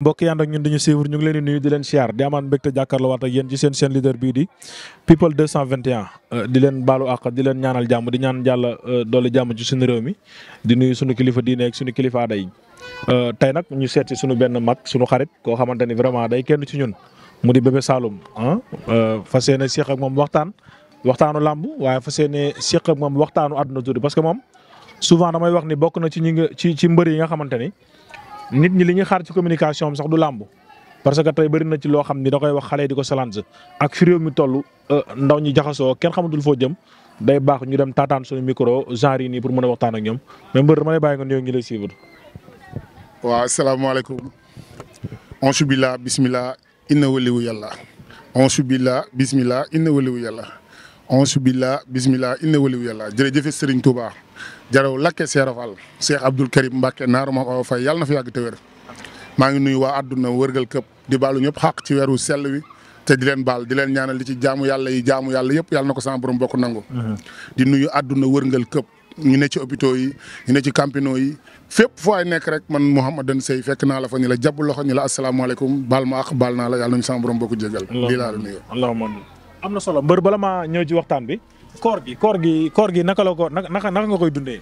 mbokk yi ànd ak ñun dañu suivre ñu ngi leen di nuyu di leen siyaar di amaan mbégte jàkkaarloo waat ak yéen ci seen seen leader bii di people euh, di leen baalu àq di leen ñaanal jàmm di ñaan jàlla euh, doole jàmm ci suñu réew mi di nuyu suñu kilifa diine ak suñu kilifa aada yi euh, tey nag ñu seet suñu benn mag suñu xarit koo xamante ni vraiment day kenn ci ñun mu di Bébé Saloum ah fas yéene seq moom waxtaan waxtaanu làmb waaye fas yéene seq moom waxtaanu àdduna tuuti parce que moom souvent damay wax ni bokk na ci ñi nga ci ci mbër yi nga xamante ni nit ñi li ñu xaar ci communication am sax du lamb parce que tey bëri na ci loo xam ni da koy wax xale di ko salanse ak fi réew mi toll euh, ndaw ñi jaxasoo kenn xamatul foo jëm day baax ñu dem taataan suñu micro genre yi nii pour mën a waxtaan ak ñoom mais mbër dama lay bàyyi nga nuyoo ngi lay suivre. waaw asalaamaaleykum. onchu billah bismillah inna waliwu yàlla. onchu billah bismillah inna waliwu yàlla. onchu billah bismillah inna waliwu yàlla jërëjëf Serigne Touba. jaraw lakke Seera Fall Cheikh Abdoul Karim Mbacke naaru Maam Awa Faye na fi yàgg te wér maa ngi nuyu waa àdduna wërgal këpp di baalu ñëpp xaq ci weeru sell wi te di leen baal di leen ñaanal li ci jaamu yàlla yi jaamu yàlla yëpp yal na ko sama borom bokk nangu. Mhm. di nuyu àdduna wërngal këpp ñu ne ci hôpitaux yi ñu ne ci campino yi fépp fu ay nekk rek man Mouhamadou Seye fekk naa la fa ñu la jàpp loxo ñu la asalaamaaleykum baal ma ak baal naa la yàlla na koor gi koor gi koor gi naka la ko naka naka nga koy dundee.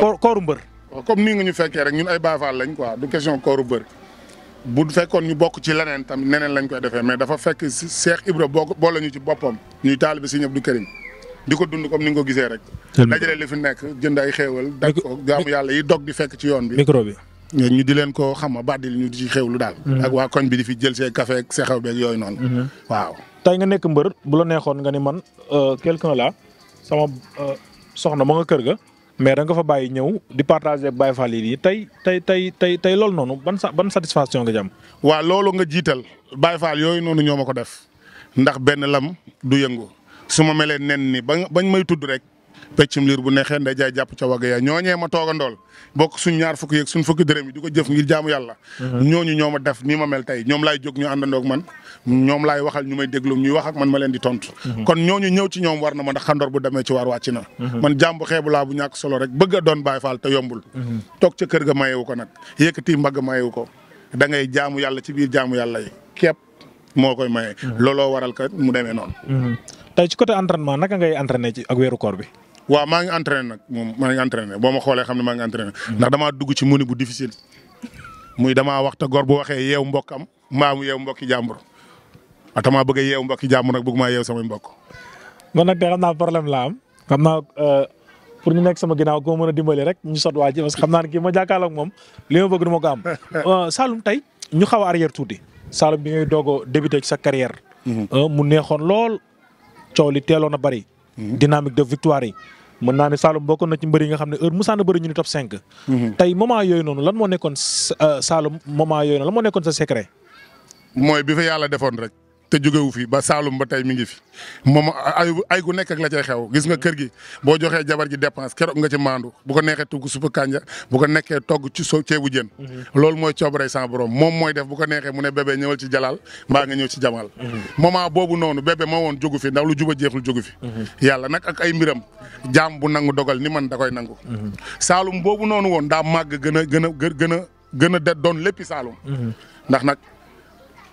koor kooru mbër. waaw comme nii nga ñu fekkee rek ñun ay Baay Faal lañ quoi du question kooru mbër bu fekkoon ñu bokk ci leneen tamit neneen lañ koy defee mais dafa fekk Cheikh Ibra boo boole ñu ci boppam ñuy taalibe Sëriñ Abdou Karim di ko dund comme ni nga ko gisee rek. dajale li fi nekk jënd ay xéewal. dag ko jaamu yàlla yi dog di fekk ci yoon bi. micro bi ñu di leen ko xam a bàddil ñu di ci xéewlu daal. Mm-hmm. ak waa koñ bi di fi jël see café tey nga nekk mbër bu la neexoon nga ni man euh, quelqu'un là sama euh, soxna ma nga kër ga mais rek nga fa bàyyi ñëw di partager ak Baye Fall yi nii tey tey tey tey tey loolu noonu ban ban satisfaction nga jàmm. waa loolu nga jiital Baye Fall yooyu noonu ñoo ma ko def ndax benn lam du yëngu su ma melee nen ni ba bañ may tudd rek peccum liir bu neexee nday jaay jàpp ca wagg ya ñooñee ma toogandool bokk suñ ñaar fukki yeeg suñ fukki dërëm yi di jëf ngir jaamu yàlla mhm. ñooñu ñoo ma def nii ma mel tey ñoom laay jóg ñu àndandoog man ñoom laay waxal ñu may déglu ñuy wax ak man ma leen di tontu. Mhm. kon ñooñu ñëw ci ñoom war na ma ndax xandoor bu demee ci waar wàcc na mhm. man jàmbu xeebu laa bu ñàkk solo rek bëgg a doon Baay Faal te yombul toog ca kër ga mayewu ko nag yëkkati mbagg mayewu ko da ngay jaamu yàlla ci biir jaamu yàlla yi képp moo koy maye looloo waral ka mu demee noonu tey ci côté entraînement naka ngay entraîné ci ak weeru koor bi waaw maa ngi entraîné nag moom maa ngi entraîné boo ma xoolee xam ne maa ngi entraîné ndax damaa dugg ci muni bu difficile muy damaa wax te gor bu waxee yeew mbokk am mbaa mu yeew mbokki jàmbur atamaa bëgg a yeew mbokki jàmbur nag bëgg maa yeew samay mbokk man nag tey xam naa problème laa am xam naa euh, pour ñu nekk sama ginnaaw ko mën a dimbali rek ñu sot waa ji parce que xam naa ne kii ma jàkkaarloo ak moom li ma bëgg du ma ko am euh, Saloum tey ñu xaw a arrière tuuti Saloum bi ngay doog a débuté ci sa carrière mhm. euh, mu neexoon lool coow li teeloon a bari dynamique de victoire yi mën naa ne Saloum bokkoon na ci mbër yi nga xam ne heure musaana bëri ñu ni top 5. Mhm. tey moment yooyu noonu lan moo nekkoon euh, Saloum moment yooyu noonu lan moo nekkoon sa secret. mooy bi fa yàlla defoon rek. te jógewu fi ba Saalum ba tey mi ngi fi moom ay ay gu nekk ak la cay xew gis nga kër gi boo joxee jabar ji ke keroog nga ci maandu bu ko neexee tugg suppu kànja bu ko nekkee togg ci so ceebu jën. Mhm. loolu mooy coobare sans moom mooy def bu ko neexee mu ne bébé ñëwal ci jalaal mbaa nga ñëw ci jamal mhm. moment boobu noonu bébé moo woon jógu fi ndaw lu juba jeexul jógu fi. Mhm. yàlla nag ak ay mbiram jaam bu nangu dogal ni man da koy nangu. Saalum boobu noonu woon a a gën a gën a doon léppi Saalum ndax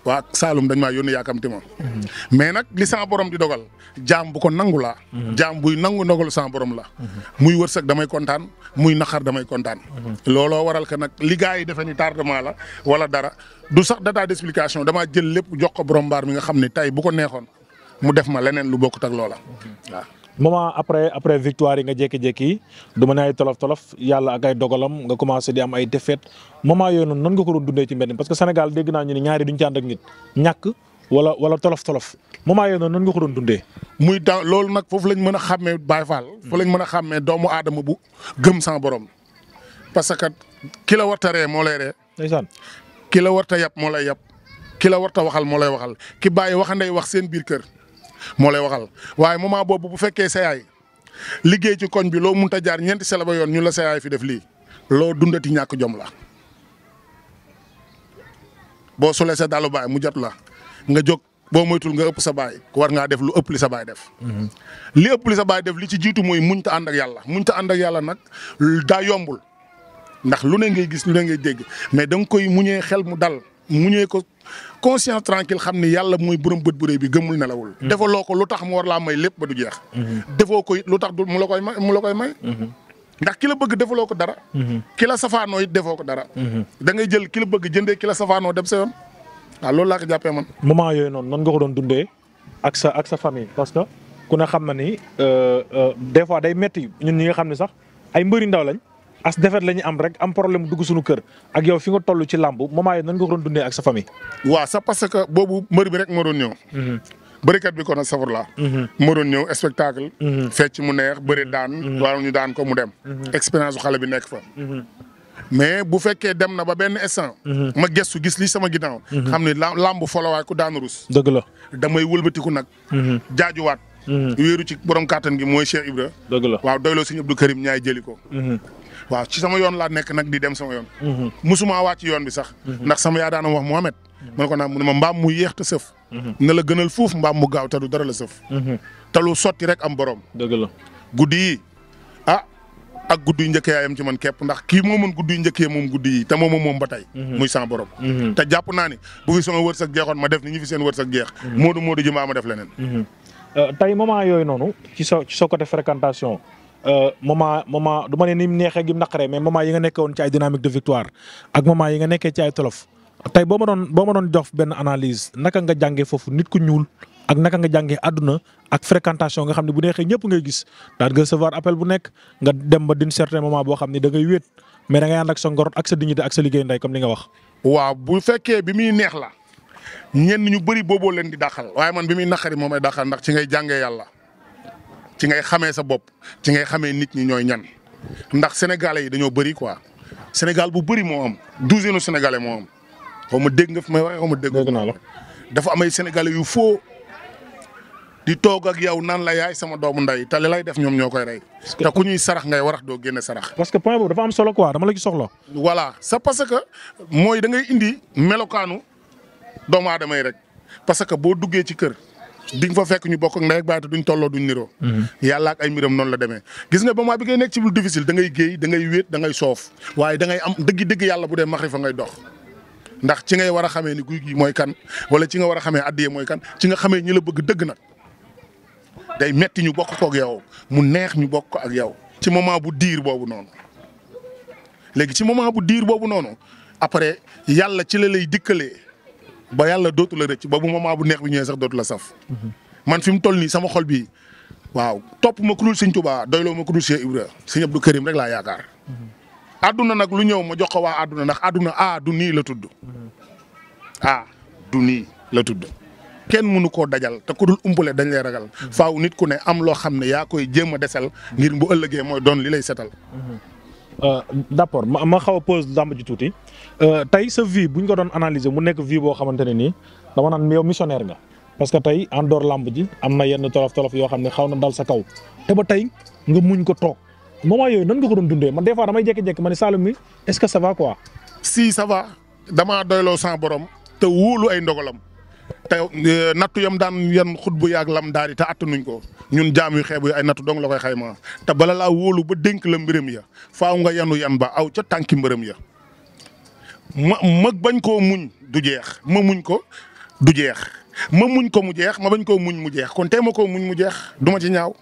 waa Saalum dañ maa yónni yaakamti ma. mais nag li sama borom di dogal jaam bu ko nangu la jaam buy nangu ndogalu sama borom la. muy wërsëg damay kontaan muy naqar damay kontaan. looloo waral que nag li gars yi defe ni tardement la wala dara du sax data d'explication damaa jël lépp jox ko borom mbaar mi nga xam ni tey bu ko neexoon mu def ma leneen lu bokkut ak loola waaw. moment après après victoire yi nga jékki-jékki du ma ne ay tolof tolof yàlla ak ay dogalam nga commencé di am ay défaite moment yooyu noonu nan nga ko doon dundee ci mbedd parce que Sénégal dégg naa ñu ne ñaari duñ ci ànd ak wala wala tolof tolof moment yooyu noonu nan nga ko doon dundee. muy da lool nag foofu lañ mën a xàmmee Baye Fall. Hmm. foofu lañ mën a xàmmee doomu aadama bu gëm sans borom parce que ki la war a ree moo lay ree. ndeysaan ki la war a yab moo lay yab ki la war a waxal moo lay waxal ki bàyyi waxanday wax seen biir kër. moo lay waxal waaye moment boobu bu fekkee sa yaay liggéey ci koñ bi loo mënut a jaar ñeenti sela ba yoon ñu la sa yaay fi def lii loo dundati ñàkk jom boo sulee sa dalu baay mu jot la nga jóg boo moytul nga ëpp sa baay war ngaa def lu ëpp li sa baay def. Mhm. li ëpp li sa baay def li ci jiitu mooy muñ ta ànd yàlla muñ ta ànd yàlla nag daa yombul ndax lu ne ngay gis lu ne ngay dégg mais danga koy muñee xel mu dal. mu ñëwee ko conscience tranquille xam ni yàlla muy borom bët bu rëy bi gëmul nelawul. Mm-hmm. defaloo ko lu tax mu war laa may lépp ba du jeex. Mm-hmm. defoo ko it lu tax du mu la koy may mu la may. Mm-hmm. ndax ki bëgg defaloo ko dara. ki la safaanoo it defoo ko dara. da ngay jël ki bëgg jënde ki la safaanoo dem sa yoon waaw loolu laa ko jàppee man. moment yooyu noonu nan nga ko doon dundee ak sa ak sa famille parce que ku ne xam na ni euh, euh, des fois day metti ñun ñi nga xam ne sax ay mbëri ndaw lañ. as defet la ñu am rek am problème dugg suñu kër ak yow fi nga toll ci làmb moment yi nan nga ko doon dundee ak sa famille. waaw sa parce que boobu mbër bi rek moo doon ñëw. Mhm. bërikat bi kon a safur laa. Mhm. moo doon spectacle. Mhm. fecc mu neex bëri daan. waaw ñu daan ko mu dem. expérience bu xale bi nekk fa. mais bu fekkee dem na ba benn instant. ma gestu gis lii sama ginnaaw. xam ne làmb folowaay ku daan rus. dëgg la damay wëlbatiku nag. jaajuwaat. wéeru ci borom kàttan gi mooy Cheikh Ibra. dëgg la waaw doyloo Sëñ Abdou Karim ñaay jëli ko. waaw ci sama yoon laa nekk nag di dem sama yoon. Mhm. musuma ci yoon bi sax. Mhm. ndax sama yaa daanam wax Mohamed. Mhm. ma ne ko naan mu ne ma mbaam mu yéex te sëf. ne la gënal fuuf mbaam mu gaaw te du dara la sëf. te lu sotti rek am borom. dëgg la guddi yi ah ak guddi yu njëkk yaayam ci man képp ndax kii moo mën guddi njëkkee moom guddi yi te moom moom ba tey. muy sans borom. te jàpp naa ni bu fi sama sa jeexoon ma def ni ñu fi seen wërsëg jeex. Moodu Moodu ji maa ma def leneen. Euh, tey moment yooyu noonu ci sa ci sa côté Euh, moment moment du ma ne ni mu neexee gi mu naqaree mais moment yi nga nekkoon ci ay dynamique de victoire ak moment yi nga nekkee ci ay tolof tey boo ma doon boo ma doon jox benn analyse naka nga jàngee foofu nit ku ñuul ak naka nga jàngee àdduna ak fréquentation nga xam ne bu neexee ñëpp ngay gis daal nga recevoir appel bu nekk nga dem ba d'un certain moment boo xam ne dangay ngay wéet mais da ngay ànd ak sa ngor ak sa dignité ak sa liggéey ndey comme li nga wax. waaw bu fekkee bi muy neex la ñenn ñu bëri booboo leen di dàqal waaye man bi muy naqari moom ay dàqal ndax ci ngay jàngee yàlla ci ngay xamee sa bopp ci ngay xamee nit ñi ñooy ñan ndax sénégalais yi dañoo bëri quoi Sénégal bu bëri moo am douzaine sénégalais moo am xaw ma dégg nga fi may waxee ma dégg. dégg naa dafa amay ay yu foo di toog ak yow nan la yaay sama doomu nday te lay def ñoom ñoo koy rey. te ku ñuy sarax ngay warax doo génne sarax. parce que point boobu dafa am solo quoi dama la ci soxla. voilà c'est parce que mooy da ngay indi melokaanu doomu aadama yi rek parce que boo duggee ci kër. di nga fa fekk ñu bokk ak ndey ak baay te duñ tolloo duñ niroo. Mhm. yàlla ay mbiram noonu la demee. gis nga moment bi ngay nekk ci lu difficile da ngay géey da ngay dangay da soof waaye dangay am dëgg-dëgg yàlla bu dee maxrifa ngay dox. ndax ci ngay war a xamee ni guy gi mooy kan wala ci nga war a xamee addiye mooy kan ci nga xamee ñu la bëgg dëgg nag day metti ñu bokk ko ak yow mu neex ñu bokk ko ak yow. ci moment bu diir boobu noonu léegi ci moment bu diir boobu noonu après yàlla ci la lay dikkalee. ba yàlla dootu la rëcc ba bu moment bu neex bi ñëwee sax dootu la saf. man fi mu toll nii sama xol bi waaw topp ma kurul Sëñ Tuubaa doyloo ma kurul Cheikh Ibra Sëñ Abdou Karim rek laa yaakaar. àdduna nag lu ñëw ma jox ko waa àdduna ndax àdduna ah du nii la tudd. ah du nii la tudd. kenn mënu koo dajal te ku dul umpale dañ lay ragal. faaw nit ku ne am loo xam ne yaa koy jéem a desal. ngir bu ëllëgee mooy doon li lay setal. Euh, d' accord ma ma xaw a pause làmb ji tuuti euh, tey sa vie bu ñu ko doon analyser mu nekk vie boo xamante ne nii dama naan yow missionnaire nga parce que tey en dehors làmb ji am na yenn tolof tolof yoo xam ne xaw na dal sa kaw te ba tey nga muñ ko toog moment yooyu nan nga ko doon dundee ma des fois damay jékki-jékki ma ne Saloum mi est ce que ça va quoi. si ça va damaa doyloo borom te wóolu ay ndogalam. te e, nattu yam daan yan xut bu yaag lam daal di te attanuñ ko ñun jaam yu xeebu yi ay nattu dong la koy xayma te bala laa wóolu ba dénk la mbiram ya faaw nga yanu yan ba aw ca tànki mbërëm ya ma bañ koo muñ du jeex ma muñ ko du jeex ma muñ ko mu jeex ma bañ koo muñ mu jeex kon tey ma koo muñ mu jeex du ma ci ñaaw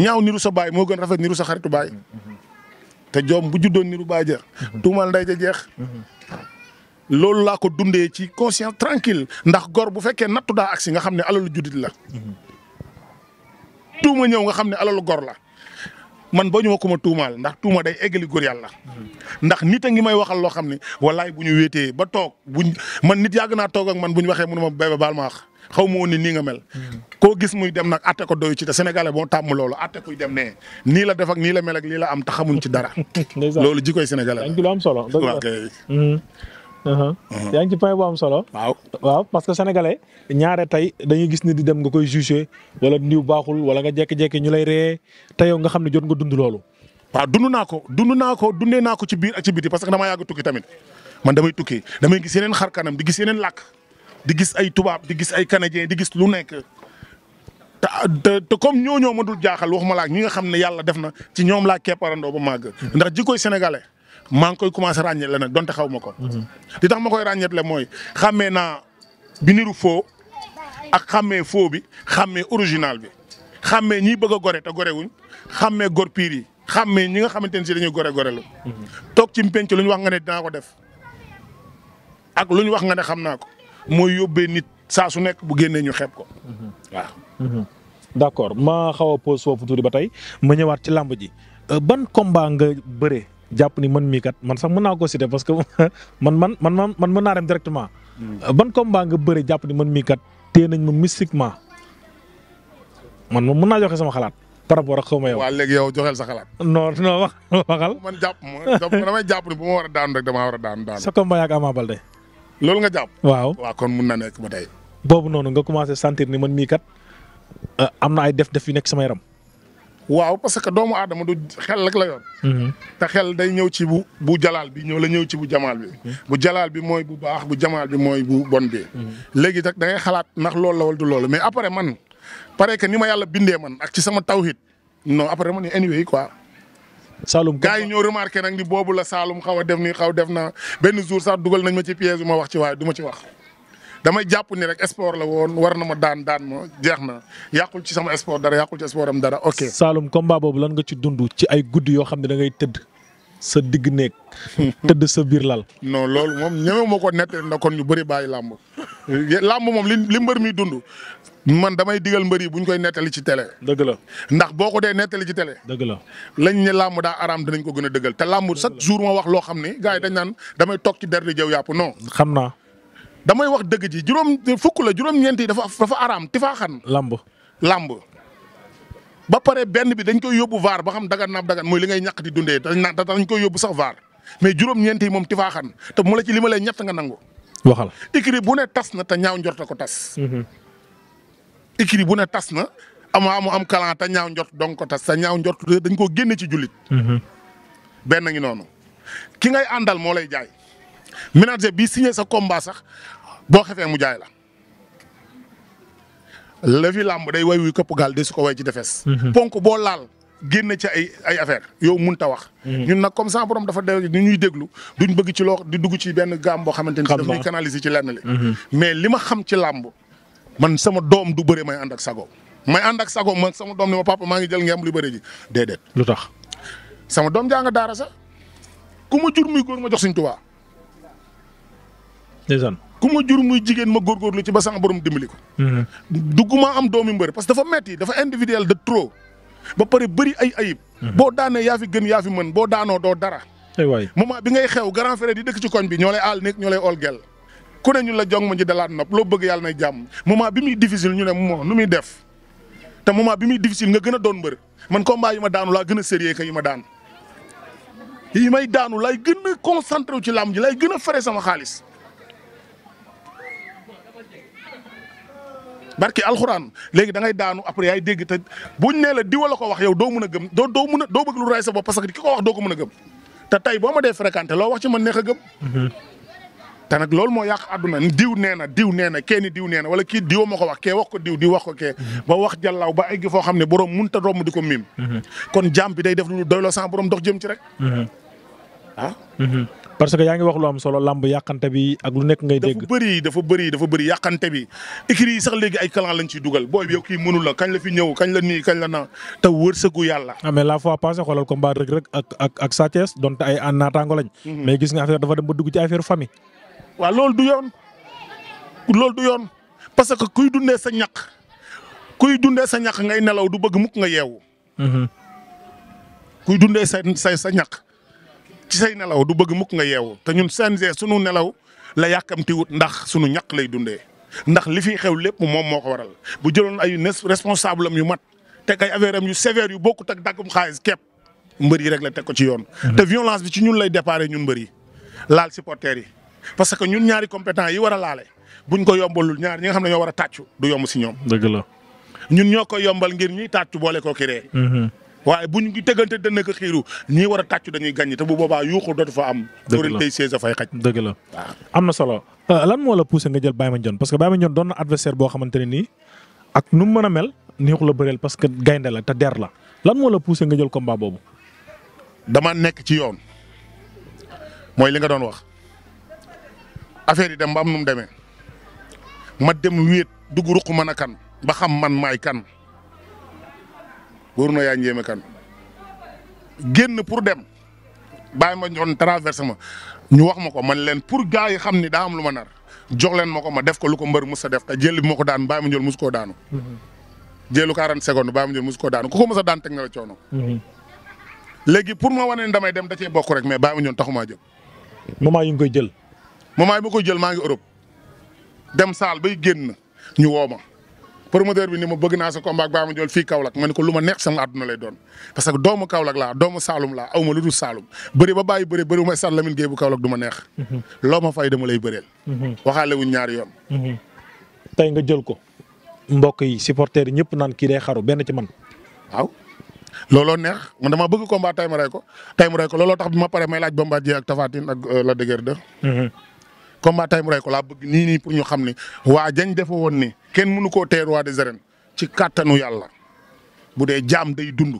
ñaaw niru sa baay moo gën rafet niru sa xaritu baay mm-hmm. te joom bu juddoon niru baay ja mm-hmm. tuumal nday jeex mm-hmm. loolu laa ko dundee ci conscience tranquille ndax gor bu fekkee nattu daa agsi nga xam ne alalu juddit la. tuuma ñëw nga xam ne alalu gor la man ba ñu ma ko ma tuumaal ndax tuuma day eggali góor la ndax nit a ngi may waxal loo xam ne walaay bu ñu wéetee ba toog buñ man nit yàgg naa toog ak man bu ñu waxee mënu ma béy ba baal ma wax xaw ma woon nii nga mel. koo gis muy dem nag atte ko doyu ci te sénégalais boo tàmm loolu atte kuy dem nee nii la def ak nii la mel ak lii la am te ci dara. loolu ji koy sénégalais la. am solo Uh-huh. Uh-huh. yaa ngi ci point bu am solo. waaw waaw parce que sénégalais ñaare tey dañuy gis ni di dem nga koy jugé wala ndiw baaxul wala nga jékki-jékki ñu lay ree te yow nga xam ne jot nga dund loolu. waaw dund naa ko dund naa ko dundee naa ko ci biir ak ci biti parce que damaa yàgg tukki tamit man damay tukki damay gis yeneen xar kanam di gis yeneen làkk di gis ay tubaab di gis ay canadien di gis lu nekk. te te comme ñooñoo ma dul jaaxal wax ma ak ñi nga xam ne yàlla def na ci ñoom laa kepparandoo ba màgg. ndax ji koy sénégalais. maa ngi koy commencé ràññeetle na donte xaw ma ko. Mhm. li tax ma koy ràññeetle mooy xàmmee naa bi niru foo ak xàmmee foo bi xàmmee original bi xàmmee ñiy bëgg a gore te gore wuñ xàmmee gor piir yi xàmmee ñi nga xamante ne si dañuy gore gore lu mhm. toog ci mpenc lu ñu wax nga ne dinaa ko def ak lu ñu wax nga ne xam naa ko mooy yóbbee nit saa su nekk bu génnee ñu xeeb ko mhm. waaw. d' accord ma xaw a pause foofu tuuti ba tey ma ñëwaat ci làmb ji euh, ban combat nga bëre. jàpp ni man mii kat man sax mën naa ko citer parce que man man man man man naa dem directement. Hmm. ban combat nga bëri jàpp ni man mii kat téye nañ ma mystiquement man moom mën naa joxe sama xalaat. par rapport xaw ma yow. waaw yow joxeel sa xalaat. non non wax waxal. man jàpp ma damay jàpp ni bu ma war a daanu rek damaa war a daanu daanu. sa combat a Ama Baldé. loolu nga jàpp. waaw waaw kon mun na nekk ba tey. boobu noonu nga commencé sentir ni man mii kat euh, am na ay def-def yu nekk sama yaram. waaw parce que doomu aadama du xel rek la yoon. Mm-hmm. te xel day ñëw ci bu bu jalaal bi ñëw la ñëw ci bu jamaal bi. Mm-hmm. bu jalaal bi mooy bu baax bu jamaal bi mooy bu bon bi. Mm-hmm. léegi nag da ngay xalaat ndax loolu la wal du loolu mais après man pare que ni ma yàlla bindee man ak ci sama tawhid non après man anyway quoi. Saalum gaa yi ñoo remarqué nag ni boobu la Saalum xaw a def ni xaw def na benn jour sax dugal nañ ma ci piège ma wax ci waaye du ma ci wax. damay jàpp ni rek sport la woon war na ma daan daan ma jeex na yàqul ci sama sport dara yàqul ci sport am dara ok. Saloum combat boobu lan nga ci dund ci ay guddi yoo xam ne dangay tëdd sa digg néeg tëdd sa biir lal. non loolu moom ñeme moo ko nettali na kon ñu bëri bàyyi làmb làmb moom li li mbër mi dund man damay digal mbër yi bu ñu koy nettali ci télé. dëgg la ndax boo ko dee nettali ci télé. dëgg la lañ ne làmb daa araam dinañ ko gën a dëggal te làmb chaque jour ma wax loo xam ne gars yi dañ naan damay toog ci der di jëw yàpp non. xam naa. damay wax dëgg ji juróom fukk la juróom-ñeent yi dafa dafa araam tifaaxan. lamb lamb. ba pare benn bi dañ koy yóbbu vaar ba xam dagan naab dagan mooy li ngay ñàkk di dundee dañ koy yóbbu sax vaar mais juróom-ñeent yi moom tifaaxan te mu la ci li ma lay ñett nga nangu. waxal ikri bu ne tas na te ñaaw njort ko tas. ikri mhm. bu ne tas na amaa mu am kalan te ñaaw njort dong ko tas te ñaaw njort dañ koo génne ci jullit. Mhm. benn ngi noonu ki ngay àndal moo lay jaay. manager bi signé sa combat sax boo xefee mu jaay la levi làmb day way wuy këpp gaal de su ko way ci defes mhm. ponk boo laal génn ci ay ay affaire yow ta wax. Mhm. ñun nag comme ça borom dafa de ni ñuy déglu duñ bëgg ci loo di dugg ci benn gaam boo xamante ni. daf ñuy canaliser ci lenn mhm. mais li ma xam ci làmb man sama doom du bëree may ànd ak sago may ànd ak sago man sama doom ni ma papa maa ngi jël ngeen am lu bëre ji déedéet. lu tax sama doom jaa nga daara sax ku ma jur muy góor ma jox suñ tubaa ndeysaan ku ma jur muy jigéen ma góorgóorlu ci ba sama borom dimbali ko. Mm-hmm. dugguma am doomi mbër parce que dafa metti dafa individuel de trop. ba pare bëri ay ayib. Mm-hmm. boo daanee yaa fi gën yaa fi mën boo daanoo doo dara. aywaay moment bi ngay xew grand frère yi dëkk ci koñ bi ñoo lay aal nekk ñoo lay ol ku ne ñu la jong ma ñu dalaat nopp loo bëgg yàlla nay jàmm moment bi muy difficile ñu ne moo nu muy def. te moment bi muy difficile nga gën a doon mbër man combat yi ma daanu laa gën a sérieux que yi ma daan yi may daanu laay gën a concentré ci làmb ji laay gën a fere sama xaalis barki alxuraan léegi da ngay daanu après yaay dégg te buñ nee la diwa la ko wax yow doo mën a gëm doo doo a doo bëgg lu rey sa bopp parce que ki ko wax doo ko mën a gëm te tey boo ma dee fréquenté mhm. te nag loolu moo yàq àdduna diw nee na diw nee na kenn diw nee na wala ki diw ma ko wax kee wax ko diw di wax ko kee. Mhm. ba wax jàllaw ba egg foo xam ne borom mënut a romb di ko miim. Mhm. kon jàmm bi day def lu doy la sans borom dox jëm ci rek. ah. parce que yaa ngi wax lu am solo lamb yàqante bi ak nekk ngay dégg. dafa bëri dafa bëri dafa bëri yàqante bi écrit yi sax léegi ay clan lañ ciy dugal booy bi yow kii mënul la kañ la fi ñëw kañ la nii kañ la na te wërsëgu yàlla. ah mais la fois a xoolal combat rek rek ak ak ak Sa Thiès donte ay an lañ. Mhm. mais gis nga affaire dafa dem ba dugg ci affaire famille. waaw loolu du yoon loolu du yoon parce que kuy dundee sa ñaq kuy dundee sa ñaq ngay nelaw du bëgg mukk nga yeewu. Mhm. kuy dundee sa sa sa ñaq ci say nelaw du bëgg mukk nga yeewu te ñun CNG sunu nelaw la yàkkamti wut ndax sunu ñàkk lay dundee ndax li fiy xew lépp moom moo ko waral bu jëloon ay responsable am yu mat teg ay affaire am yu sévère yu bokkut ak daggum xaalis képp mbër yi rek la teg ko ci yoon. Mm-hmm. te violence bi ci ñun lay déparé ñun mbër yi laal supporters yi parce que ñun ñaari compétent yi war a laale buñ ko yombalul ñaar ñi nga xam ne ñoo war a tàccu du yomb si ñoom. dëgg la ñun ñoo koy yombal ngir ñuy tàccu boole koo waaye bu buñ tegante da ko xiiru ñii war a tàccu dañuy gàññi te bu boobaa yuuxu dootu fa am. dëgg la day sees dafay xaj. am na solo. Euh, lan moo la poussé nga jël Baye Mandione parce que Baye Mandione doon na adversaire boo xamante ne nii ak nu mu mën a mel neexu la bëreel parce que gaynde la te der la lan moo la poussé nga jël combat boobu. dama nekk ci yoon mooy li nga doon wax affaire yi dem ba am nu mu demee ma dem wéet dugg ruq mën a kan ba xam man maay kan. wóor na yaa njéeme kan génn pour dem bàyyi ma ñoon traversé ma ñu wax ma ko man leen pour gaa yi xam ni daa lu ma nar jox leen ma ko ma def ko lu ko mbër mës def te jël bi ma ko daan bàyyi ma ñoon mos koo daanu. ko 40 secondes bàyyi ma ñoon ko mës a daan teg na la coono. léegi pour ma wane ne damay dem da cee bokk rek mais bàyyi ma ñoon taxumaa jóg. moment yi koy jël. moment yi ma koy jël maa ngi Europe dem saal bay génn ñu woo pour promoteur bi ni ma bëgg naa sa combat ak Baye Mandione fii Kaolack ma ne ko lu ma neex sama àdduna lay doon parce que doomu Kaolack laa doomu Saalum laa aw ma lu dul Saalum bëri ba bàyyi bëri bëri bu may sàr Lamine Gueye bu Kaolack du ma neex. Mhm. loo ma fay dama lay bëreel. Mhm. waxaale ñaari yoon. Mhm. tey nga jël ko mbokk yi supporters yi ñëpp naan kii day xaru benn ci man. waaw looloo neex man dama bëgg combat tay ma rey ko tay ma ko looloo tax bi ma pare may laaj ba ak Tapha Tine ak euh, Lac de Guiers 2 combat tay mu rey ko laa bëgg nii nii pour ñu xam ne waa jañ defe woon ne kenn mënu koo tee roi de arènes ci kàttanu yàlla bu dee jaam day dund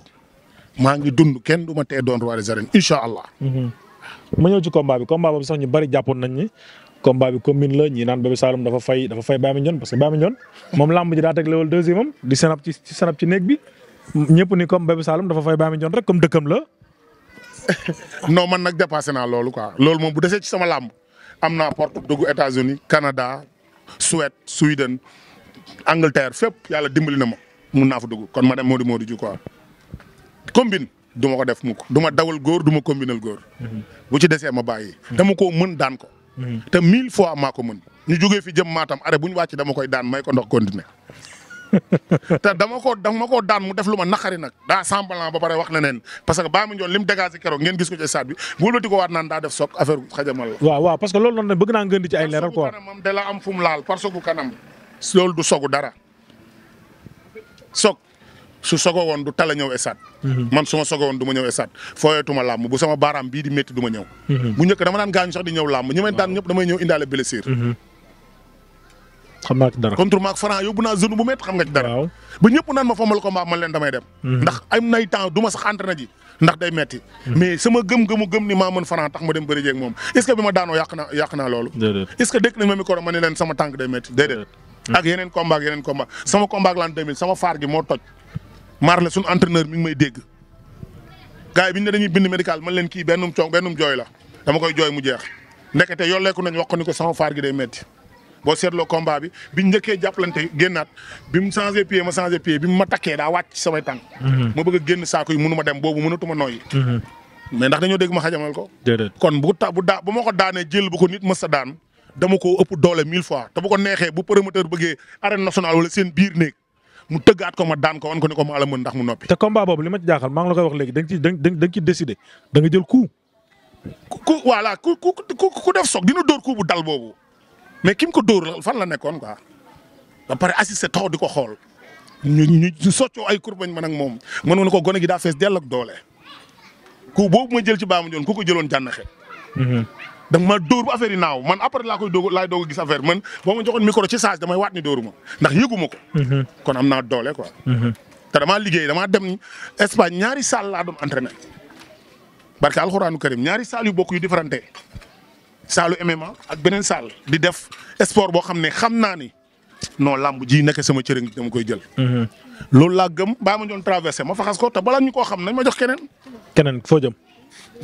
maa ngi dund kenn du ma tee doon roi des arènes incha allah. Mhm. ma ñëw ci combat bi combat boobu sax ñu bari jàppoon nañ ni combat bi commune la ñi naan Bébé Saloum dafa fay dafa fay Baye Mandione parce que Baye Mandione moom làmb ji daa teg level deuxième am di sanab ci ci bi ñëpp ni comme Bébé Saloum dafa fay Baye Mandione rek comme dëkkam la. non nag dépassé naa loolu quoi loolu moom bu desee ci sama làmb am naa porte dugg États-Unis Canada Suède Sweden Angleterre fépp yàlla dimbali na ma mun naa fa dugg kon ma dem Modou Modou ji quoi combine du ma ko def mukk du ma dawal góor duma ma combinal góor bu ci desee ma bàyyi dama koo mën daan ko mhm. te mille fois maa ko mën ñu jógee fi jëm maatam arrêt bu ñu wàcc dama koy daan may ko ndox continuer te dama ko dama daan mu def lu ma naqari nag daa semblant ba pare wax leneen parce que Baye Mandione li mu dégagé keroog ngeen gis ko ci stade bi wóolati ko waat naan daa def soog affaire xajamal la. waaw parce que loolu da la am fu mu laal par sogu kanam loolu du sogu dara soog su sogo woon du tala ñëw stade. Mhm. man su ma sogo woon du ma ñëw stade fooyeetuma làmb bu sama baaraam bii di métti du ma ñëw. Mhm. bu njëkk dama daan gaañ sax di ñëw làmb ñi may daan ñëpp damay ñëw indaale blessure. Mhm. xam naa ci dara contre maak Franc yóbbu naa zone bu métti xam nga ci dara. ba ñëpp naan ma fombal combat man leen damay dem. Mhm. ndax am nay temps du ma sax entraîné ji ndax day metti mhm. mais sama gëm-gëmu gëm ni maa mën Franc tax ma dem bëri jeeg moom est ce que bi ma daanoo yàq naa yàq naa loolu. est ce que dëkk nañ ma micro ma ne leen sama tànk day metti déedéet. Mhm. ak yeneen combat ak yeneen combat sama combat ak l'an 2000 sama faar gi moo toj. maar la suñu entraîneur mi ngi may dégg gars yi bi ñu ne dañuy bind man leen kii bennum coow bennum jooy la dama koy jooy mu jeex ndekete yolleeku nañ wax ko ko sama faar gi day metti boo seetloo combat bi biñ njëkkee jàppalante génnaat bi mu changé pied ma changé pied bi mu ma takkee daa wàcc samay tànk. Mhm. ma bëgg génn saako yi mënu ma dem boobu mënatu ma nooyi. Mhm. mais ndax dañoo dégg ma xajamal ko. kon bu ta bu daa bu ma ko daanee jël bu ko nit mës a daan dama ko ëpp doole mille fois te bu ko neexee bu promoteur bëggee arène nationale wala seen biir néeg mu tëggaat ko ma daan ko wan ko ne ko maa la mën ndax mu noppi. te combat boobu li ma ci jaaxal maa ngi la koy wax léegi da nga ci da nga ci nga jël coup. ku ku voilà ku ku def soog dina dóor coup bu dal boobu mais ki mu ko dóor fan la nekkoon quoi ba pare assisté taxaw di ko xool ñu ñu ñu soccoo ay kurbañ man ak moom mënoon na ko gone gi daa fees dell ak doole ku boobu ma jël ci baamu joon ku ko jëloon jànnaxe. Mhm. da nga ma dóor bu affaire yi naaw man après laa koy doog laay doog gis affaire man boo ma joxoon micro ci saa damay waat ni dóoruma ndax yëguma ko. Mhm. kon am naa doole ko mhm. te damaa liggéey damaa dem Espagne ñaari salle laa doon entraîné barke alxuraanu karim ñaari salle yu bokk yu différenté saalu MMA ak beneen saal di def sport boo xam ne xam naa ni non làmb ji nekk sama cere cëriñ dama koy jël. Mhm. loolu laa gëm baa ma doon traversé ma faxas ko te balaa ñu ko xam nañ ma jox keneen. keneen foo jëm.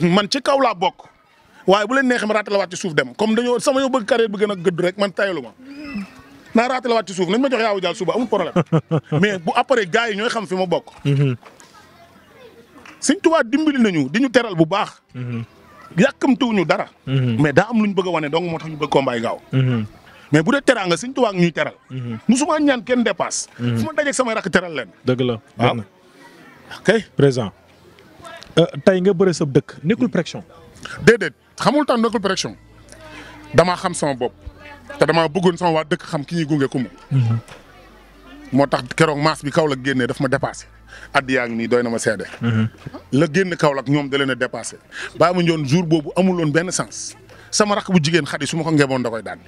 man ci kaw laa bokk waaye bu leen neexee ma raatalawaat ci suuf dem comme dañoo sama yow bëgg carrière bi gën a gëdd rek man tayalu ma naa raatalawaat ci suuf nañ ma jox yaawu jaal suba amul problème mais bu après gars yi ñooy xam fi ma bokk. Mhm. Sëñ Tuubaa dimbali nañu di ñu bu baax. Mhm. yàkkamtuwuñu dara. Mhm. mais daa am lu ñu bëgg a wane donc moo tax ñu bëgg combat gaaw. Mhm. mais bu dee teraanga suñ tubaab ñuy teral. Mhm. musuma ñaan kenn dépasse. fu ma dajeeg samay rakk teral leen. dëgg la waaw présent. Euh, tey nga bëre sa dëkk nekkul pression. déedéet xamul tax nekkul pression damaa xam sama boob te damaa bëggoon sama waa dëkk xam ki ñu gunge ku moo tax keroog maas bi kaw Kaolack génnee daf ma dépassé addi yaa ngi nii doy na ma seede. Mhm. la génn Kaolack ñoom da leen a dépassé. baa ma ñoon jour boobu amuloon benn sens sama rakk bu jigéen xadi su ma ko ngeboon da koy daan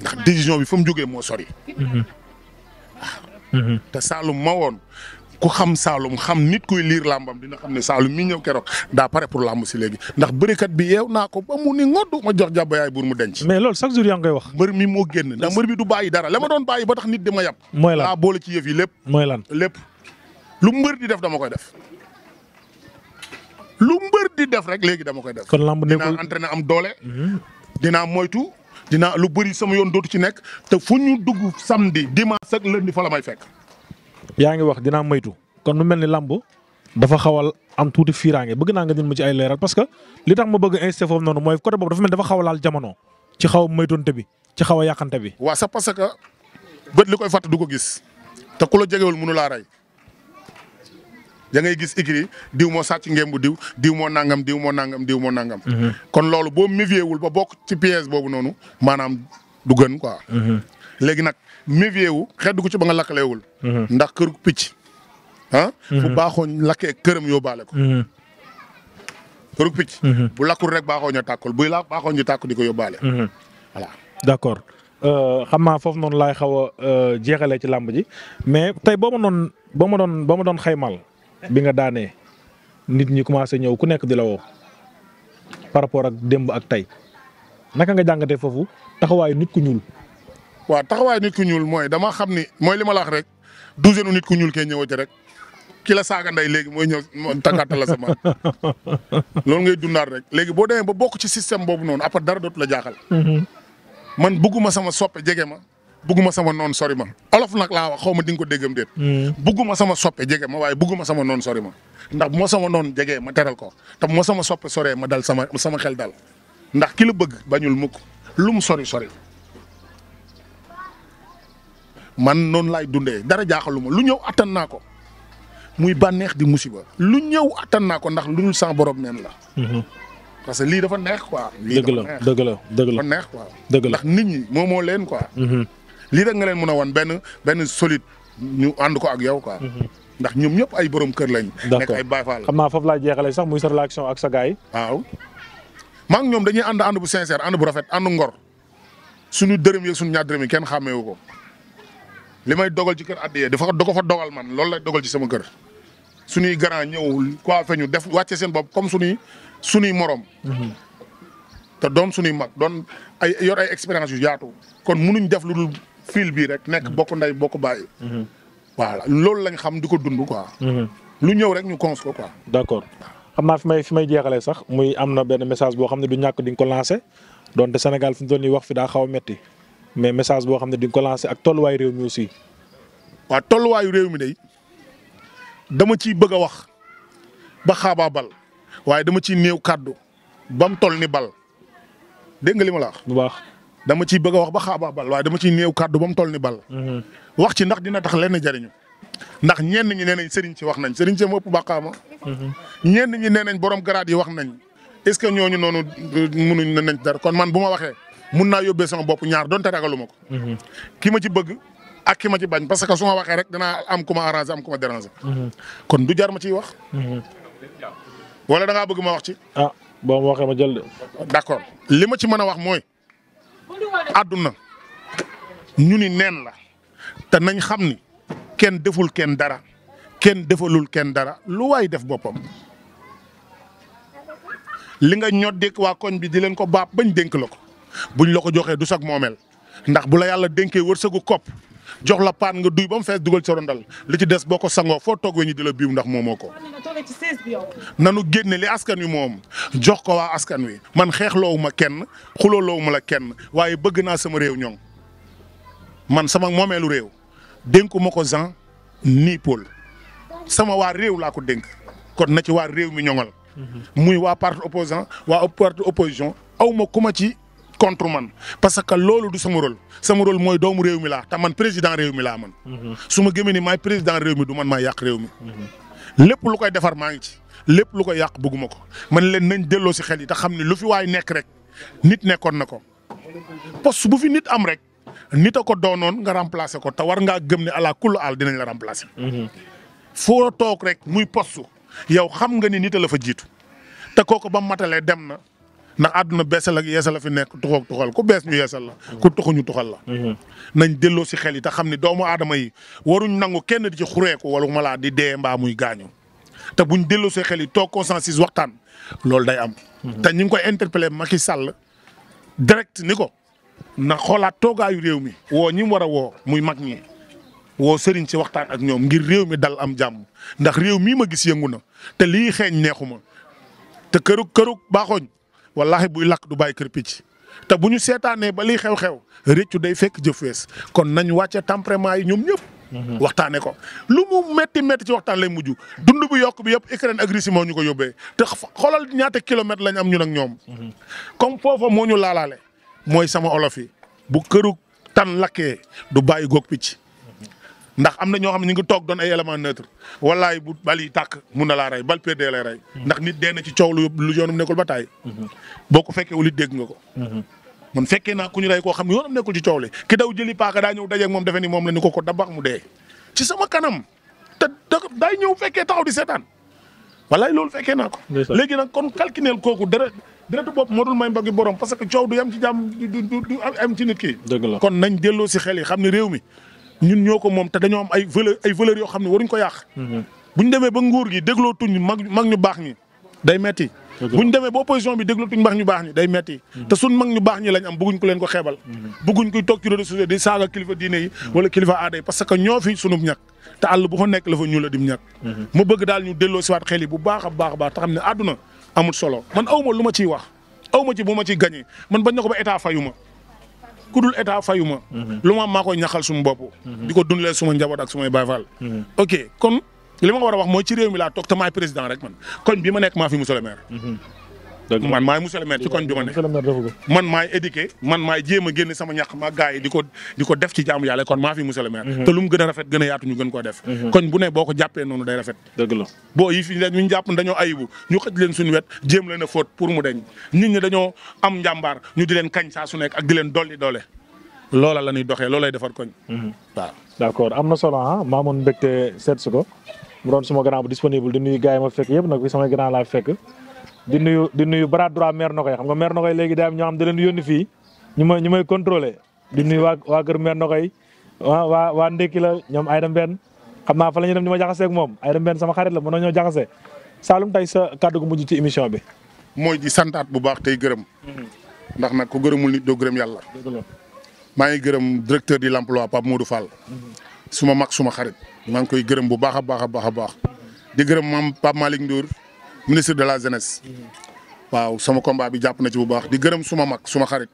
ndax décision bi fa mu moo sori. Mhm. Ah. Mhm. te Saalum ma woon ku xam Saalum xam nit kuy liir làmbam dina xam ne Saalum mi ñëw keroog daa pare pour làmb si léegi ndax bërikat bi yeew naa ko ba mu ni ngodd ma jox jàbb yaay buur mu denc. mais lool chaque jour yaa ngi koy wax. mbër mi moo génn ndax mbër mi du bàyyi dara la ma doon bàyyi ba tax nit di ma mooy lan laa boole ci yëf yi lépp. mooy lan lépp lu mbër di def dama koy def. lu mbër di def rek léegi dama koy def. kon làmb nekkul dinaa entraîné am doole. Mhm. dinaa moytu dina lu bëri sama yoon dootu ci nekk te fu ñu dugg samedi dimanche ak lundi fa la may fekk yaa ngi wax dinaa moytu kon nu mel ni làmb dafa xawal am tuuti fiiraange bëgg naa nga din ma ci ay leeral parce que li tax ma bëgg insisté foofu noonu mooy côté boobu dafa mel dafa xaw a ci xaw a moytonte bi ci xaw a yàqante bi. waa c'est parce que bët li koy fàtt du ko gis te ku jegewul mënu laa rey da ngay gis igri diw moo sàcc ngembu diw diw moo nangam diw moo nangam diw moo nangam. Mhm. kon loolu boo wul ba bokk ci piège boobu noonu maanaam du gën quoi. Mhm. léegi mévier wu xet dugg ci ba nga lakkaleewul mhm. ndax kër picc ah mhm. bu baaxooñ këram yóbbaale ko mhm. këru bu lakkul rek baaxooñ a takkul buy la baaxooñ ñu tàkku di ko yóbbaale voilà d'accord euh, xam naa foofu noonu laay xaw a euh, jeexalee ci làmb ji mais tey boo ma doon boo ma doon boo ma doon xaymal bi nga daanee nit ñi commencé ñëw ku nekk di la woo par rapport ak démb ak tey naka nga jàngatee foofu taxawaayu nit ku ñuul waaw taxawaay nit ku ñuul mooy dama xam ni mooy li ma la rek douzaine nit ku ñuul kee ñëwati rek ki la saaga nday léegi mooy ñëw tàggatal la sama loolu ngay dundaat rek léegi boo demee ba bokk ci système boobu noonu après dara dootu la jaaxal. Mm-hmm. man bugguma sama soppe jege ma bugguma sama noon sori ma olof nag laa wax xaw ma di nga ko déggam déet. Mm. bugguma sama soppe ma waaye bugguma sama noon sori ma ndax bu ma sama noon jege ma teral ko te bu ma sama soppe soree ma dal sama sama xel dal ndax ki bëgg bañul mukk lu mu sori sori. man noonu laay dundee dara jaaxaluma lu ñëw attan naa ko muy bànneex di musiba lu ñëw attan naa ko ndax lu dul sans borom neen la. Mhm. parce que lii dafa neex quoi. lii dafa neex dëgg la dëgg la neex quoi. dëgg la ndax nit ñi moomoo leen quoi. Mhm. lii rek nga leen mun a wan benn benn solide ñu ànd ko ak yow quoi. Mhm. ndax ñoom ñëpp ay borom kër lañ. nekk ay Baay Faal xam naa foofu laa jeexalee sax muy sa relation ak sagaay gars yi. waaw maa ñoom dañuy ànd ànd bu sincère ànd bu rafet ànd ngor suñu dërëm yeeg suñu ñaar dërëm kenn xàmmeewu ko. li may dogal ci kër addiya dafa da ko fa dogal man loolu lay dogal ci sama kër suñuy grand ñëw quoi fe ñu def wàcce seen bopp comme suñuy suñuy morom. te doon suñuy mag doon ay yor ay expérience yu yaatu. kon munuñ def lu dul fil bii rek. nekk bokk ndey bokk bàyyi. voilà loolu lañ xam di ko dund quoi. lu ñëw rek ñu cons ko quoi. d'accord xam naa fi may fi may jeexalee sax muy am na benn message boo xam ne du ñàkk di nga ko lancé donte Sénégal fi mu toll nii wax fi daa xaw a métti. mais message boo xam ne di nga ko lancé ak tolluwaayu réew mi aussi. waa tolluwaayu réew mi day dama ciy bëgg a wax ba xaabaa bal waaye dama ciy néew kàddu ba mu toll ni bal dégg nga li ma la wax. bu ciy bëgg a wax ba xaabaa bal dama ciy néew kàddu ba mu toll ni bal. Mm-hmm. wax ci ndax dina tax lenn jariñu ndax ñenn ñi nee nañ sëriñ si wax nañ sëriñ si ëpp bàqaama. Mm-hmm. ñenn ñi nee nañ borom garaat yi wax nañ est-ce que ñooñu noonu euh, mënuñ nañ dara kon man bu ma waxee. mun naa yóbbee sama bopp ñaar doon te ragaluma ko. Mhm. ki ma ci bëgg ak ki ma ci bañ parce que su ma waxee rek dana am ku ma am ku ma mhm. kon du jar ma ciy wax. Mhm. wala da bëgg ma wax ci. ah boo ma waxee ma jël de. d'accord li ma ci mën a wax mooy. àdduna ñu ni neen la te nañ xam ni kenn deful kenn dara kenn defalul kenn dara lu waay def boppam. li nga ñoddeek waa koñ bi di leen ko baab bañ dénk la ko. buñ la ko joxee du sag moomeel ndax bu la yàlla dénkee wërsëgu kopp jox la paan nga duy ba mu fees dugal sa rondal li ci des boo ko sangoo foo toog ñu di la biiw ndax moomoo ko. nanu génne li askan wi moom jox ko waa askan wi man xeexloowu ma kenn xulooloowu ma la kenn waaye bëgg naa sama réew ñoŋ man sama moomeelu réew dénku ma ko Jean nii Paul sama waa réew laa ko dénk kon na ci waa réew mi ñoŋal. Mhm. muy waa parti opposant waa opposition aw ma contre man parce que loolu du sama rôle sama rôle mooy doomu réew mi laa te man président réew mi laa man. Mhm. su ma gëmee ni maay président réew mi du man maa yàq réew mi. Mhm. lépp lu koy defar maa ci lépp lu koy yàq bëgguma ko man leen nañ delloo si xel yi te xam ne lu fi waay nekk rek nit nekkoon na ko poste bu fi nit am rek nit a ko doonoon nga remplacer ko te war ngaa gëm ne ala kullu aal dinañ la remplacer. Mhm. foo toog rek muy poste yow xam nga ni nit a la fa ndax àdduna beesal ak yeesal la fi nekk tuxoog tuxal ku bees ñu yeesal la ku tuxuñu tuxal la mhm. nañ delloo si xel yi te xam ne doomu aadama yi waruñ nangu kenn di ci xureeku wala ma di dee mbaa muy gaañu te buñ delloo si xel yi toog consensus waxtaan loolu day am mhm. te ñu ngi koy interpellé Macky Sall direct ni ko na xoolaat toogaayu réew mi woo ñi mu war a woo muy mag ñi woo sëriñ si waxtaan ak ñoom ngir réew mi dal am jàmm ndax réew mii ma gis yëngu na te lii xeeñ neexu te kërug kërug baaxooñ wallaahi buy lakk du bàyyi kër picc te bu ñu seetaanee ba liy xew-xew réccu day fekk jëf wees kon nañ wàcce tempérament yi ñoom ñëpp. Mhm. waxtaanee ko lu mu métti métti ci waxtaan lay mujj dund bu yokk bi yëpp Ukraine ak Russie moo ñu ko yóbbee te xoolal ñaata kilomètre lañ am ñu ak ñoom. Mhm. comme foofa moo ñu laalaale mooy sama olof yi bu këru tan lakkee du bàyyi góog picc. ndax am na ñoo xam ne ñu ngi toog doon ay élément neutre wallaay bu bal yi tàkk mun na laa rey bal perdee lay rey. Hmm. ndax nit dee na ci coow lu lu yoonam nekkul ba taay. Hmm. boo ko fekkee wul it nga ko. Hmm. man fekkee naa ku ñu rey koo xam ne yoonam nekkul ci coow li ki daw jëli paaka daa ñëw dajeeg moom defe ni moom la ni ko ko dabax mu dee. ci sama kanam te daay ñëw fekkee taxaw di seetaan wallaay loolu fekkee naa ko. léegi nag kon calculeel kooku dara dara du bopp moo dul may mbagg borom parce que coow du yam ci jàmm du du am ci nit ki. kon nañ delloo si xel yi xam ne réew mi ñun ñoo ko moom te dañoo am ay valeur yoo xam ne waruñ ko yàq. Mhm. bu ñu demee ba nguur gi dégloo tuñ mag mag ñu baax ñi day metti bu ñu demee ba opposition bi dégloo tuñ mag ñu baax ñi day metti mhm. te suñ mag ñu baax ñi lañ am bëgguñ ko leen ko xeebal. Mhm. bëgguñ ko toog ci réseaux sociaux di saaga kilifa diine yi. wala kilifa aada yi parce que ñoo fi sunub ñàkk te àll bu fa nekk la fa ñu la dim ñàkk. ma bëgg daal ñu delloo siwaat xel yi bu baax a baax a baax te xam ne àdduna amul solo man aw ma lu ma ciy wax aw ma ci bu ma ciy gañee man ba na ko ba état fayu ma ku dul état fayu ma. Mhm. lu ma am maa koy ñaxal mhm. suma njaboot ak sumay bayfaal. Mhm. ok kon li ma war a wax mooy ci réew mi laa toog te maay président rek man koñ bi ma nekk maa fi monsieur le man maay monsieur le maire ci koñ bi ma ne man maay éduqué man maay jéem a génn sama ñàq ma gars di ko def ci jaamu yàlla kon maa fi monsieur mhm. te lu gën a rafet gën a yaatu ñu gën koo def mhm. koñ bu ne boo ko jàppee noonu day rafet dëgg la boo yi fi ñu jàpp dañoo ayibu ñu xëj leen suñu wet jéem leen a fóot pour mu deñ nit ñi dañoo am njàmbaar ñu di leen kañ saa su ak di leen dolli doole loola la ñuy doxee loolay defar koñ mhm. d'accord am na solo ah di nuyu di nuyu bras droit maire Nokoy xam nga maire Nokoy léegi daa am ñoo xam da leen yónni fii ñu may may contrôlé di nuyu waa waa kër maire Nokoy waa waa waa ndekki la ñoom Ayda Mbène xam naa fa la ñuy dem ñu ma jaxaseeg moom Ayda Mbène sama xarit la mën na ñoo jaxase Saloum tey sa ka gu mujj ci émission bi. mooy di santaat bu baax tey gërëm. Mm-hmm. ndax nag ku gërëmul nit doo gërëm yàlla. maa ngi gërëm directeur de l'emploi Pape Modou Fall. Mm-hmm. suma mag suma xarit. maa ngi koy gërëm bu baax a baax a baax a baax. Mm-hmm. di gërëm maam Pape Malick Ndour ministre de la jeunesse. Mhm. waaw sama combat bi jàpp na ci bu baax di gërëm suma mag suma xarit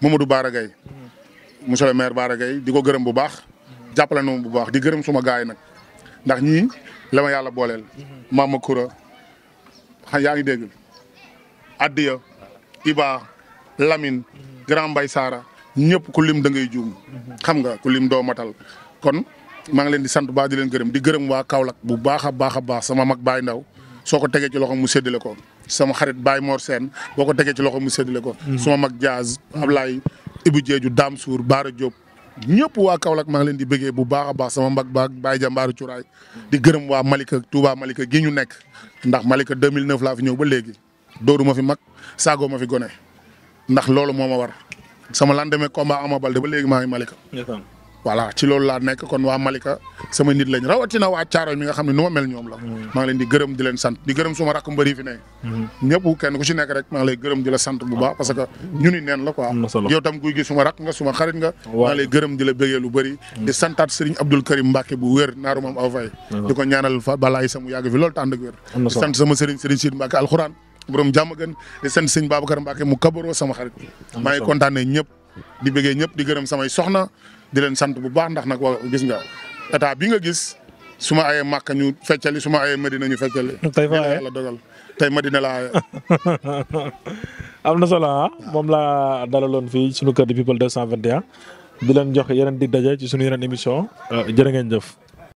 mu Mamadou Bara Gaye mhm. monsieur le maire baara gay di ko gërëm bu baax. Mhm. jàppale na bu baax di gërëm suma gaay nag ndax ñii lama ma yàlla booleel. Mama Koura xam yaa ngi dégg Addiya Iba Lamine. Grand Mbay Saara ñëpp ku lim da ngay juum. xam nga ku lim doo matal kon maa ngi leen di sant baax di leen gërëm di gërëm waa Kaolack bu baax a baax a baax sama mag baay Ndaw soo ko tegee ci loxo mu séddale ko sama xarit baay Mor Sène boo ko tegee ci loxo mu séddale ko. Mm-hmm. suma mag Diaz Ablaye Ibou Diédhiou Dame Sour Baara Diop. ñëpp waa Kaolack maa ngi leen di bëggee bu baax a baax sama mbag baag Baye jambaar Curaay di gërëm waa Malika Touba Malika gi ñu nekk ndax Malika 2009 laa fi ñëw ba léegi dooruma fi mag saagoo ma fi gone ndax loolu moo ma war sama lendemain combat Ama Baldé ba léegi maa ngi Malika. voilà ci loolu laa nekk kon waa Malika sama nit lañ rawatina waa Caaroy mi nga xam ne nu mel ñoom la. Mm-hmm. maa ngi leen di gërëm di leen sant di gërëm suma rakk mbëri fi ne. Mm-hmm. ku ci nekk rek maa ngi lay gërëm di la sant bu baax parce que ñu ni neen la quoi. yow tam guy gi suma rakk nga suma xarit nga. maa ngi lay gërëm di la bëggee lu bëri. Mm-hmm. di santaat Serigne Abdul Karim Mbacke bu wér naaru di ko ñaanal fa di sant sama Serigne Serigne ñëpp di gërëm samay soxna di leen sant bu baax ndax nag gis nga état bi nga gis su ma ayee Màkka ñu feccali su ma ayee Medina ñu feccali. tey fa ayee yàlla tey Medina laa ayee. am na solo ah. moom laa dalaloon fii sunu kër di people 221 di leen jox yeneen di daje ci sunu yeneen émission euh, jërë ngeen jëf.